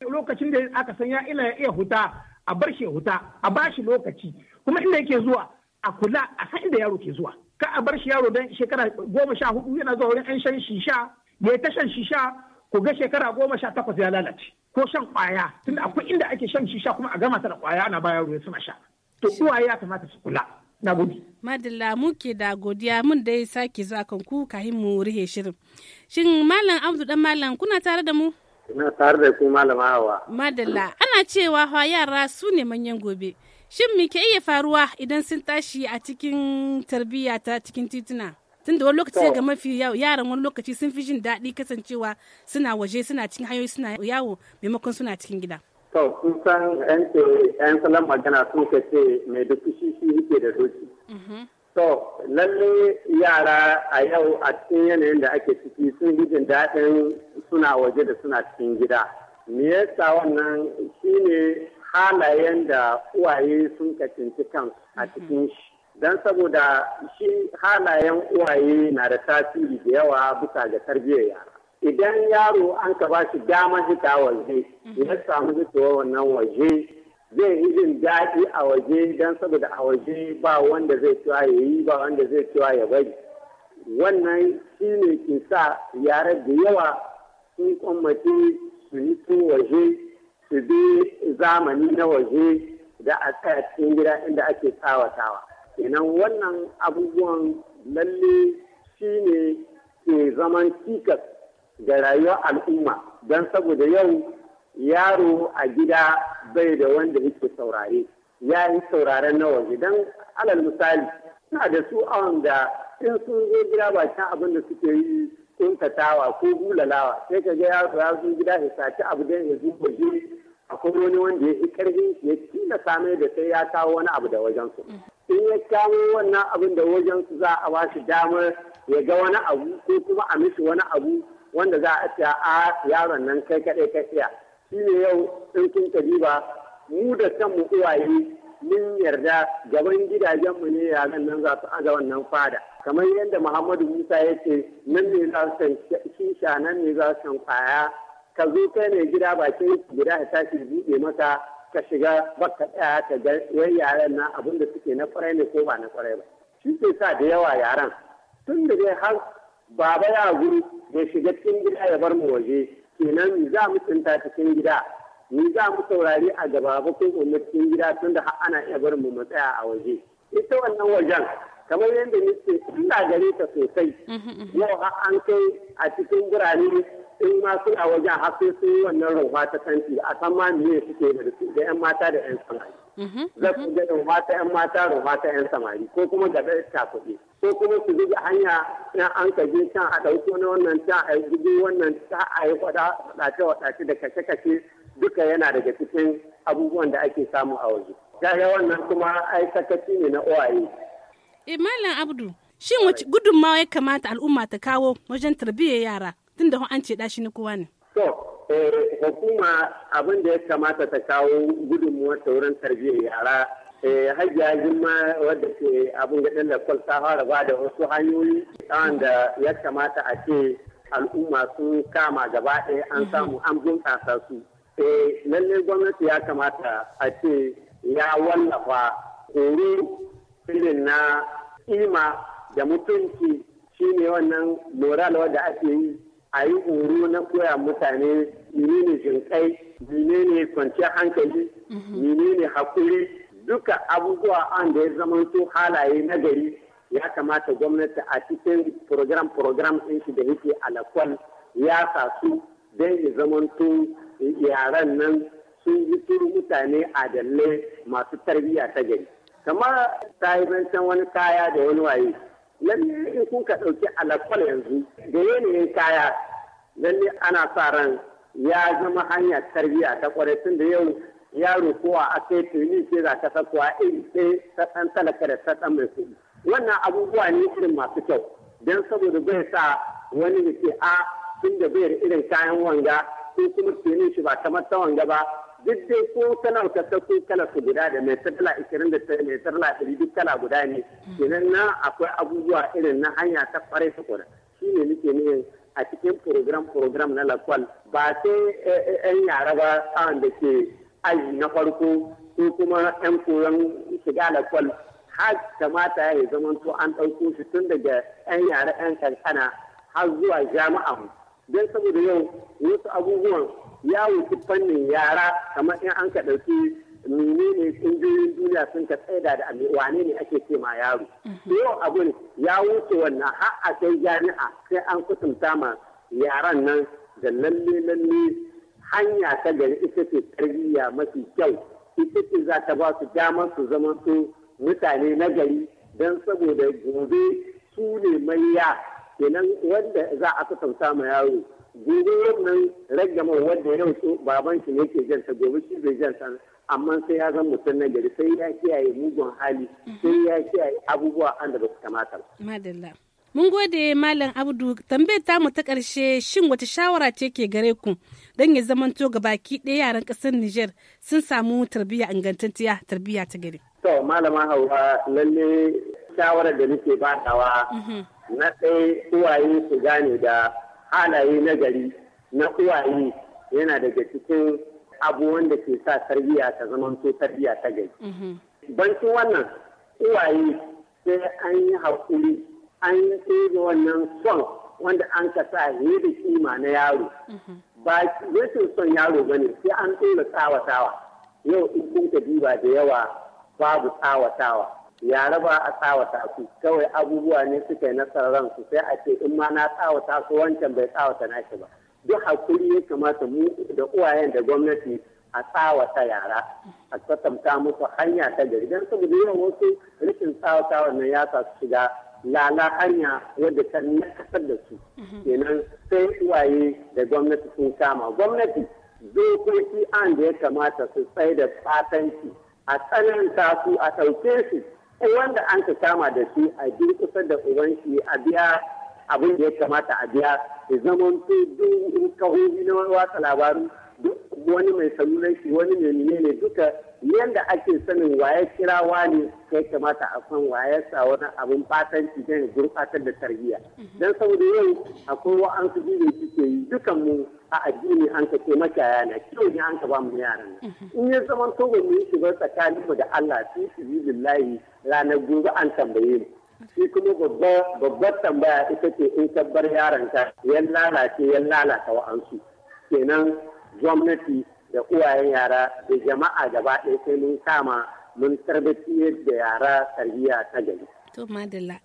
lokacin da aka san ya ila ya iya huta a bar shi huta a bashi lokaci kuma inda yake zuwa a kula a san inda yaro ke zuwa ka a bar shi yaro dan shekara goma sha hudu yana zuwa wurin 'yan shan shisha ya ta shan shisha ku ga shekara goma sha takwas ya lalace ko shan kwaya tunda akwai inda ake shan shisha kuma a gama ta da kwaya ana bayar ruwa suna sha to uwaye ya kamata su kula na gudu madalla muke da godiya mun da ya sake zuwa kan ku kahin mu rihe shirin shin malam abdu dan malam kuna tare da mu ina tare da ku malama hawa madalla ana cewa fa yara su ne manyan gobe shin me ke iya faruwa idan sun tashi a cikin tarbiyya ta cikin tituna tun da wani lokaci ga mafi yaran wani lokaci sun fi jin daɗi kasancewa suna waje suna cikin hanyoyi suna yawo maimakon suna cikin gida. To, kun san ‘yan salon magana sun ka ce mai da kushi shi yake da doki. Mm-hmm. To, lalle yara a yau a cikin yanayin da ake ciki sun yi jin daɗin suna waje da suna cikin gida. Me yasa wannan shine halayen da uwaye sun kacinci kansu a mm-hmm. cikin shi. don saboda shi halayen uwaye na da tasiri da yawa bisa ga tarbiyyar yara idan yaro an ka bashi dama hita waje ya mhm. samu hitowa wannan waje zai yi jin daɗi a waje don saboda a waje ba wanda zai cewa ya yi ba wanda zai cewa ya bari wannan shi ne ke sa yara da yawa sun kwamfati su yi su waje su bi zamani na waje da a tsaya cikin gida inda ake tsawatawa kenan wannan abubuwan lalle shi ne ke zaman cikas ga rayuwar al'umma don saboda yau yaro a gida bai da wanda yake saurare ya yi sauraren na waje don alal misali suna da su a da in sun zo gida ba can abin da suke yi kuntatawa ko bulalawa sai ka ga yaro ya zo gida ya saci abu don ya zuba waje akwai wani wanda ya yi karfin ya tilasta mai da sai ya kawo wani abu da wajen su in ya kamo wannan abin da wajen su za a ba damar ya ga wani abu ko kuma a mishi wani abu wanda za a ce a yaron nan kai kaɗai ka tsaya shi ne yau in kun diba mu da kanmu uwaye mun yarda gaban gidajenmu ne yaran nan za su aza wannan fada kamar yadda muhammadu musa ya ce nan ne za su shisha nan ne za su kwaya ka zo kai ne gida ba ke gida ta tashi buɗe maka. ka shiga baka ɗaya ka ga wai yaran na abin da suke na kwarai ne ko ba na kwarai ba shi ke sa da yawa yaran tun da dai har baba ya guri bai shiga cikin gida ya bar mu waje kenan za mu tsinta cikin gida ni za mu saurari a gaba ba ko kuma cikin gida tun da ana iya bar mu matsaya a waje ita wannan wajen kamar yadda nake ina gare ta sosai mm-hmm, mm-hmm. yau har an kai a cikin birane in ma suna wajen har su yi wannan rumfa ta kanti a san ma miye suke da su da yan mata da yan samari. Mhm, Zafi mhm. da ga rumfa ta yan mata rumfa ta yan samari ko kuma da ta kafaɗe. ko kuma su zuga hanya na an ka can a ɗauko na wannan can a yi wannan ta a yi faɗace-faɗace da kashe-kashe duka yana daga cikin abubuwan da ake samu a waje. Kaga wannan kuma ai sakaci ne na OIE. Imanin eh, Abdu, shin wace gudunmawa ya kamata al'umma ta kawo wajen tarbiyyar yara? tun da an ce dashi na kowa ne. To, eh, hukuma abin da ya kamata ta kawo gudunmuwar sauran tarbiyyar yara eh, hajjajin jima wadda ke abin gaɗin da kwal ta fara ba da wasu hanyoyi da ya kamata a ce al'umma sun kama gaba ɗaya an mhm. samu an bunƙasa su. Eh, lallai gwamnati ya kamata a ce ya wallafa horo irin na ima da mutunci shine wannan moral wadda ake yi a yi horo na koya mutane menene jinkai menene kwanciyar hankali mhm. menene hakuri duka abubuwa an da ya zama su halaye na gari ya kamata gwamnati a cikin program program ɗin shi da yake alakwal ya sa su don ya zama to yaran nan sun yi turu mutane adalai masu tarbiyya ta gari kamar ta yi wani kaya da wani waye lalle in kun ka ɗauki alakwal yanzu da yanayin kaya lalle ana sa ran ya zama hanya tarbiyya ta kwarai tun da yau yaro kowa a kai tuni ce za ta sakuwa iri ɗaya ta ɗan talaka da ta ɗan mai kuɗi wannan abubuwa ne irin masu kyau don saboda bai sa wani da ke a tun da bai irin kayan wanga ko kuma tuni shi ba kamar ta wanga ba duk dai ko kala kasa ko kala su guda da mai tarla 29 mai tarla 100 duk kala guda ne kenan na akwai abubuwa irin na hanya ta kwarai su kuda shi ne nake ne a cikin program program na lakwal ba sai yan eh, eh, yara ba tsawon da ke aji na farko ko kuma yan koyon shiga lakwal har kamata ya zama to an ɗauko shi tun daga yan yara yan kankana har zuwa jami'a don saboda yau wasu abubuwan ya wuce fannin yara kamar in an ka ɗauki menene ƙungiyoyin duniya sun ka tsaida da wane ne ake ce ma yaro. Mhm. Yau abun ya wuce wannan har a sai jami'a sai an kusanta ma yaran nan da lalle lalle hanya ta gari ita ce tarbiyya mafi kyau ita ce za ta ba su damar su zama su mutane na gari don saboda gobe su ne manya kenan wanda za a kusanta ma yaro daidai wannan ragama wanda yau su baban shi ne ke jansa gobe shi bai jansa amma sai ya zama mutum na gari sai ya kiyaye mugun hali sai ya kiyaye abubuwa an da su kamata ba. Mun gode Malam Abdu tambayar mu ta ƙarshe shin wata shawara ce ke gare ku don ya zamanto ga baki ɗaya yaran ƙasar Nijar sun samu tarbiyya ingantacciya tarbiyya ta gari. To Malama Hauwa lalle shawarar da nake batawa mhm. na ɗaya uwaye su gane da halaye na gari na uwaye yana daga cikin abu wanda ke sa tarbiyya ta zama zamanto tarbiyya ta gari. Mhm. banci wannan uwaye sai an yi haƙuri an yi wannan son wanda an ka sa da kima na yaro. Mhm. Ba rashin son yaro ba ne sai an ɗora tsawatawa. Yau in kun ka da yawa babu tsawatawa. ya raba a tsawata su kawai abubuwa ne suka yi nasarar ransu sai a ce in ma na tsawata su wancan bai tsawata nashi ba duk hakuri ya kamata mu da uwayen da gwamnati a tsawata yara a kwatanta musu hanya ta gari don saboda yawan wasu rikin tsawata wannan ya sa su shiga lala hanya wadda ta nakasar da su kenan sai uwaye da gwamnati sun kama gwamnati dokoki an da ya kamata su tsaye da fatanci a tsananta su a ɗauke su wanda an ka kama da shi a bi kusa da uban shi a biya abin da ya kamata a biya ya zama duk kahohi na watsa labaru duk wani mai salunan shi wani mai ne duka yadda ake sanin waye kirawa ne ya kamata a san waye sa wani abin batanci don gurbatar da tarbiyya mm-hmm. don saboda yau akwai wa'ansu biyu suke yi dukan mu a addini an ka ce makiyaya na kiwo ne an ka ba mu yaran mm-hmm. in ya zama to ba mu yi shiga tsakanin mu da Allah su su yi ranar gobe an tambaye mu shi kuma babbar tambaya ita ce in ka bar yaron ka yan lalace yan lalata wa'ansu kenan gwamnati da uwayen yara da jama'a gaba ɗaya sai mun sama mun tarbatiyar da yara tarbiyya ta gari. To madalla.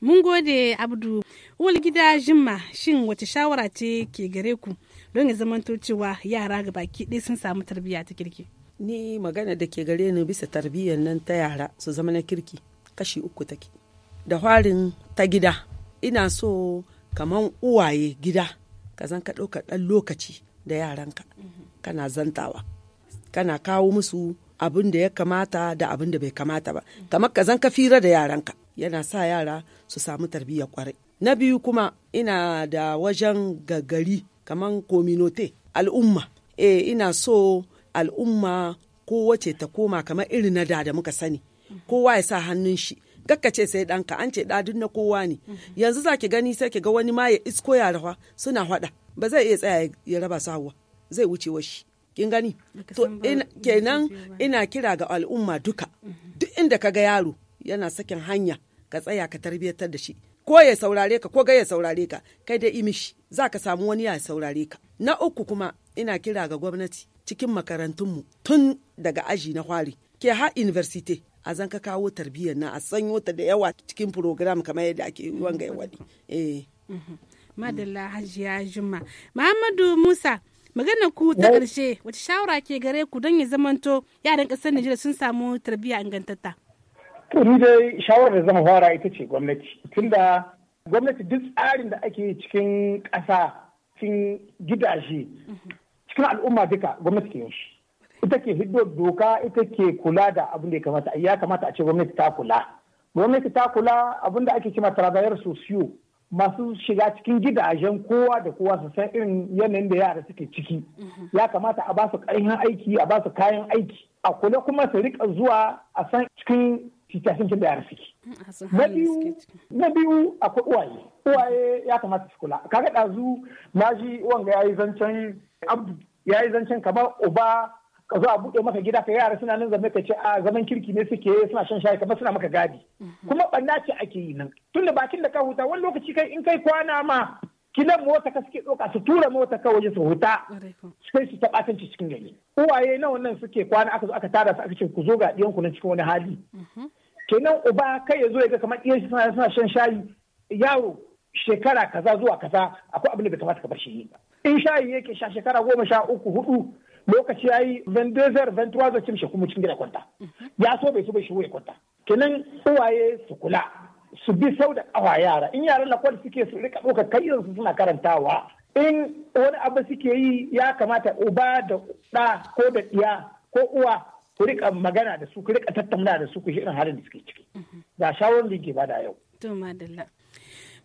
Mun gode Abdu. Uwal gida Jimma shin wace shawara ce ke gare ku don ya zama to cewa yara ga baki ɗaya sun samu tarbiyya ta kirki? Ni magana da ke gare ni bisa tarbiyyar nan ta yara su zama na kirki kashi uku take. Da farin ta gida ina so kaman uwaye gida ka zan ka ɗauka ɗan lokaci da yaranka. Mm kana zantawa kana kawo musu abin da ya kamata da abin da bai kamata ba kamar ka zan ka fira da yaranka yana sa yara su samu tarbiyya kwarai na biyu kuma ina da wajen gagari kamar kominote al'umma eh ina so al'umma kowace ta koma kamar irin na da da muka sani kowa ya sa hannun shi gakka ce sai ɗanka an ce ɗadin na kowa ne yanzu za ki gani sai ki ga wani ma ya isko yarawa suna haɗa ba zai iya tsaya ya raba su zai wuce washi kin gani to kenan ina kira ga al'umma duka mhm. duk inda ka ga yaro yana sakin hanya ka tsaya ka tarbiyyatar da shi ko ya saurare ka ko ga ya saurare ka kai da imishi za ka samu wani ya saurare ka na uku kuma ina kira ga gwamnati cikin makarantunmu tun daga aji na hwari ke ha university a zan ka kawo tarbiyyar na a sanyo ta da yawa cikin program kamar yadda ake wanga ya waɗi. Eh. Mhm. madalla hajiya juma muhammadu musa maganar ku ta ƙarshe wace shawara ke gare ku don ya zamanto yaran ƙasar Najeriya sun samu tarbiyya ingantatta. To ni dai shawarar da zama fara ita ce gwamnati tunda gwamnati duk tsarin da ake cikin ƙasa cikin gidaje cikin al'umma duka gwamnati ke yin shi. Ita ke hiddo doka ita ke kula da abin da ya kamata ya kamata a ce gwamnati ta kula. Gwamnati ta kula abin da ake kima tarabayar sosiyo masu shiga cikin gidajen kowa da kowa su san irin yanayin da yara suke ciki mhm. ya kamata a basu karfin aiki a basu kayan aiki a kula kuma su rika zuwa a san cikin titashin da yara suke mm, na biyu akwai uwaye uwaye ya kamata su kula kaga ɗazu na ji wanga ya yi zancen abdu ya yi zancen kamar uba ka zo a buɗe maka gida ka yara suna nan zama ka ce a zaman kirki ne suke suna shan shayi kamar suna maka gadi kuma ɓanna ce ake yi nan tun da bakin da ka huta wani lokaci kai in kai kwana ma kilan mota ka suke ɗauka su tura mota ka waje su huta sai su taɓa ɓatanci cikin gari uwaye na wannan suke kwana aka zo aka tara su aka ce ku zo ga ɗiyanku na cikin wani hali mm-hmm. kenan uba kai ya zo ya ga kamar ɗiyan shi suna shan shayi yaro shekara kaza zuwa kaza akwai abin da bai kamata ka bar shi yi ba in shayi yake sha shekara goma sha uku hudu lokaci ya yi 22 23 zai cimshe kuma cikin gida kwanta ya so bai so bai shigo ya kwanta kenan uwaye su kula su bi sau da kawa yara in yaran lakwal suke su rika ɗaukar kai su suna karantawa in wani abu suke yi ya kamata uba da ɗa ko da ɗiya ko uwa ku rika magana da su ku rika tattauna da su ku shi irin halin da suke ciki ga shawarar da ke bada yau.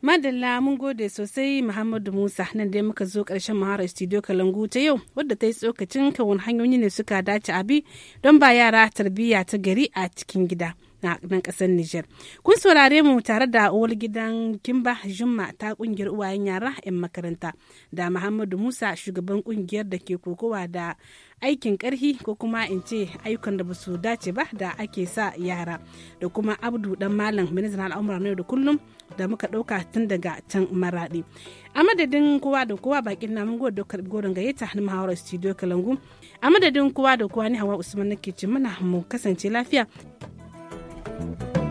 madalla mun gode sosai muhammadu musa nan dai muka zo karshen mahara studio kalangu ta yau wadda ta yi tsokacin kawun hanyoyi ne suka dace abi don ba yara tarbiyya ta gari a cikin gida na kasar niger kun saurare mu tare da uwar gidan kimba jumma ta kungiyar uwayen yara 'yan makaranta da muhammadu musa shugaban kungiyar da ke kokowa da aikin karhi ko kuma in ce ayyukan da basu dace ba da ake sa yara da kuma abdu dan malam ministan al'amura na yau da kullum da muka ɗauka tun daga can maraɗi a madadin kowa da kowa bakin namun gode dokar goron gayyata na muhawarar studio kalangu a madadin kowa da kowa ni hawa usman nake ce mana mu kasance lafiya thank you